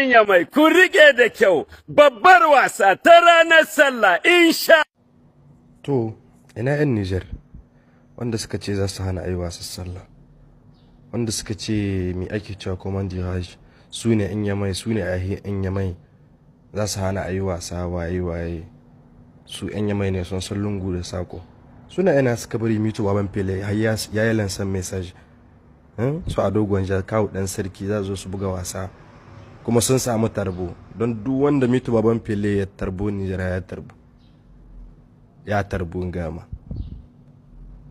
ya mai kun rike da kyau babbar wasa ta ranar sallah insha to ina yan Niger wanda suka ce za su hana yi wasan sallah wanda suka ce me ake cewa command hajj su ne in ya mai su ne yi in ya mai za su hana ayi wasa waye waye su yan ya mai ne sun san lungu da sako suna yana suka bari mito baban fele ya yi lansan message hmm? su a dogon jakawu dan sarki za su buga wasa kuma sun samu tarbo don duk wanda mitu baban fele ya tarbo nijira ya tarbo ya tarbo gama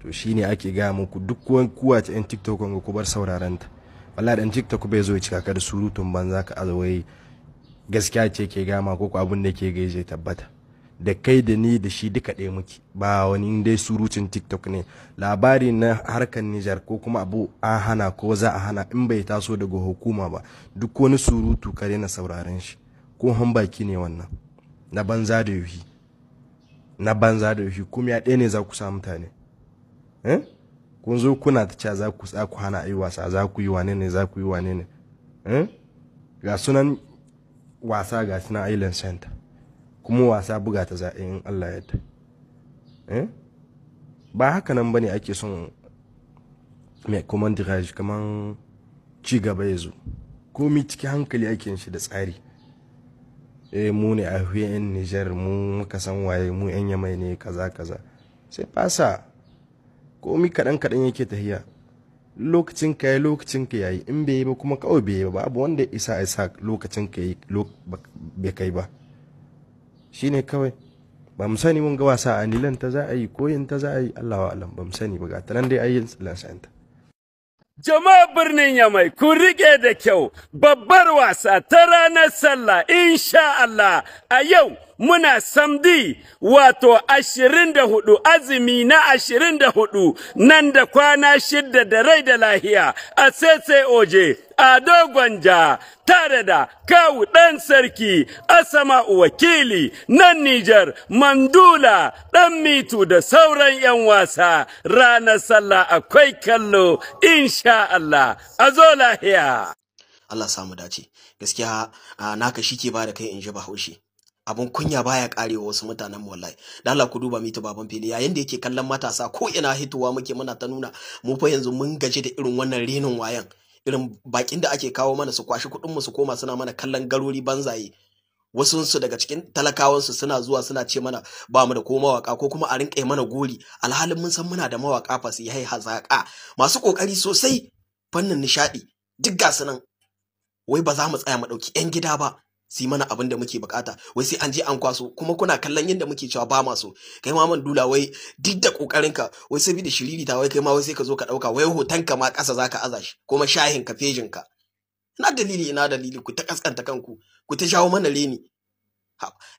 to shine ake gama muku duk wani kuwa ta yan tiktok ga kubar bar sauraron ta wallahi dan tiktok bai zo ya cika ka da surutun banza ka azawai gaskiya ce ke gama ko abin da ke gaije tabbata da kai da ni da shi duka ɗaya muke ba wani dai surucin tiktok ne labari na harkar nijar ko kuma abu an hana ko za a hana in bai taso daga hukuma ba duk wani surutu kare na sauraren shi ko baki ne wannan na banza da yuhi na banza da yuhi kuma ya ɗaya ne za ku sa mutane eh? kun zo kuna ta cewa za ku za ku hana ayi wasa za ku yi wane ne za ku yi wane ne eh? ga sunan wasa ga sunan island center kuma wasa buga ta zaɓe in Allah ta eh? ba haka nan bane ake son mai command rage kaman ci gaba ya zo komi ciki hankali ake shi da tsari eh mu ne a yan Nijar mu muka san waye mu yan Yamai ne kaza kaza sai fasa komi kaɗan kaɗan yake tahiya lokacin ka yi lokacin ka yayi in bai yi ba kuma kawai bai yi ba babu wanda ya isa a isa lokacin ka yi bai kai ba shine kawai ba mu sani mun ga wasa a nilan ta za a yi koyin ta za a yi Allah wa alam ba mu sani ba ga ta nan dai ayi ta. Jama'a birnin Yamai ku rike da kyau babbar wasa ta ranar sallah insha Allah a yau muna samdi wato ashirin da hudu azumi na ashirin da hudu nan da kwana shidda da rai da lahiya a sese oje Ado Gwanja tare da kawu ɗan sarki Asama wakili nan Nijar Mandula ɗan mitu da sauran 'yan wasa ranar sallah akwai kallo insha Allah a zo lahiya. Allah samu dace gaskiya naka shi ke ba da kai in ji bahaushe. Abin kunya baya karewa wasu mutanen wallahi da Allah ku duba mita baban fili yayin da yake kallon matasa ko ina hitowa muke muna ta nuna mu fa yanzu mun gaji da irin wannan renin wayan irin bakin da ake kawo mana su kwashi kuɗin mu su koma suna mana kallon garori banzaye wasu su daga cikin talakawan su suna zuwa suna ce mana ba mu da ko mawaka ko kuma a rinka mana gori alhalin mun san muna da mawaka yi hazaka masu kokari sosai fannin nishadi duk gasu nan wai ba za mu tsaya mu ɗauki 'yan gida ba Si mana abin da muke bukata wai sai an je an kwaso kuma kuna kallon yadda muke cewa ba ma so kai ma man dula wai duk da kokarin ka wai sai bi da shiriri ta wai kai ma wai sai ka zo ka dauka wai hoton ka ma kasa zaka aza shi kuma shahin ka fejin ka ina dalili ina dalili ku ta kaskanta kanku ku ta shawo mana reni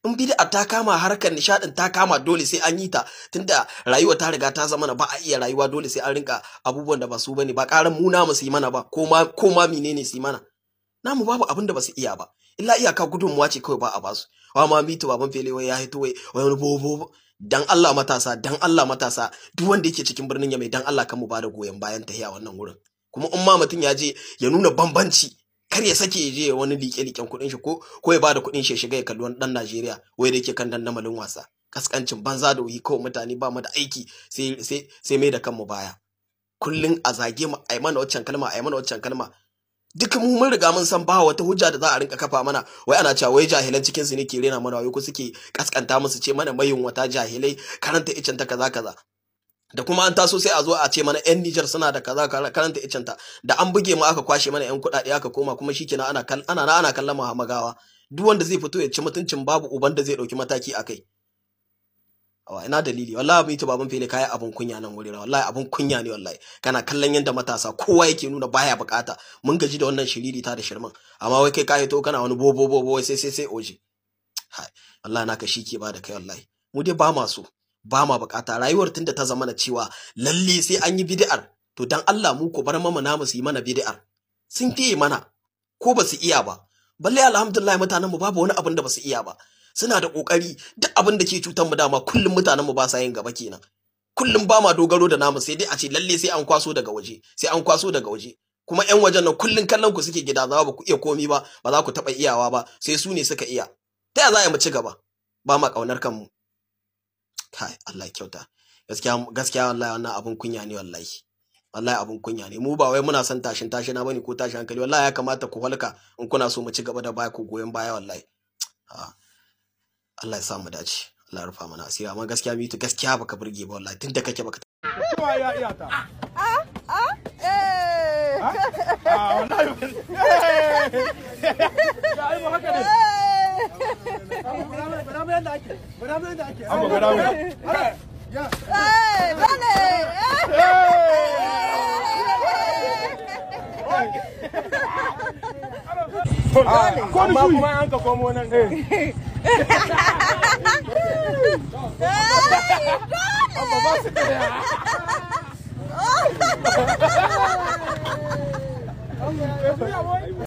in bid'a ta kama harkar nishadin ta kama dole sai an yi ta tunda rayuwa ta riga ta zama na ba a iya rayuwa dole sai an rinka abubuwan da ba su bane ba karan mu namu su yi mana ba ko ma ko ma menene su mana namu babu abin da ba su iya ba illa iyaka gudunmuwa ce kawai ba a basu wa ma mito baban fele wai ya hito wai wani bobo dan Allah matasa dan Allah matasa duk wanda yake cikin birnin ya mai dan Allah kan mu da goyon bayan tahiya wannan wurin kuma in ma mutum ya je ya nuna bambanci kar ya sake ya je wani liƙe-liƙen kuɗin shi ko ko ya bada kuɗin shi ya shiga ya kalli wani ɗan Najeriya wai da yake kan dandamalin wasa kaskancin banza da wuyi kawai mutane ba mu da aiki sai sai mai da kanmu baya kullun a zage mu yi mana waccan kalma yi mana waccan kalma duk mu mun riga mun san ba wata hujja da za a rinka kafa mana wai ana cewa wai jahilan cikin su ne ke rena mana wai ko suke kaskanta musu ce mana mayin wata jahilai karanta icen ta kaza kaza da kuma an taso sai a zo a ce mana yan Niger suna da kaza karanta icen ta da an buge mu aka kwashe mana yan kuɗaɗe aka koma kuma shikenan ana ana ana kallon mahamagawa duk wanda zai fito ya ci mutuncin babu uban da zai dauki mataki akai. ina dalili wallahi abin ita baban fili kai abun kunya nan wurina wallahi abun kunya ne wallahi kana kallon yanda matasa kowa yake nuna baya bukata mun gaji da wannan shiriri ta da shirman amma wai kai kai to kana wani bo bo bo sai sai sai oje hai wallahi naka shike ba da kai wallahi mu dai ba ma so ba ma bukata rayuwar tunda ta zama na cewa lalle sai an yi bid'ar to dan Allah mu ko bar mama namu su yi mana bid'ar sun fiye mana ko ba su iya ba balle alhamdulillah mutanen mu babu wani abin da ba su iya ba suna da kokari duk abin da ke cutar mu dama kullum mutanen mu ba sa yin gaba kenan kullum ba ma dogaro da namu sai dai a ce lalle sai an kwaso daga waje sai an kwaso daga waje kuma yan wajen nan kullum kallon ku suke gida za ba ku iya komi ba ba za ku taɓa iyawa ba sai su ne suka iya ta ya za a yi mu ci gaba ba ma ƙaunar kanmu kai Allah ya kyauta gaskiya gaskiya wallahi wannan abun kunya ne wallahi wallahi abun kunya ne mu ba wai muna son tashin tashina bane ko tashin hankali wallahi ya kamata ku halka in kuna so mu ci gaba da baya ku goyon baya wallahi ah. Allah ya sa mu dace Allah rufa mana asiri amma gaskiya gaskiya baka burge ba wallahi tunda kake baka ya ta a ah, a ah, ah, eh a wallahi eh. haka ne eh. mai yadda ake, mai yadda ake. mai. Ya. Eh, bane. Eh. posso ganhar. Oh, minha mãe.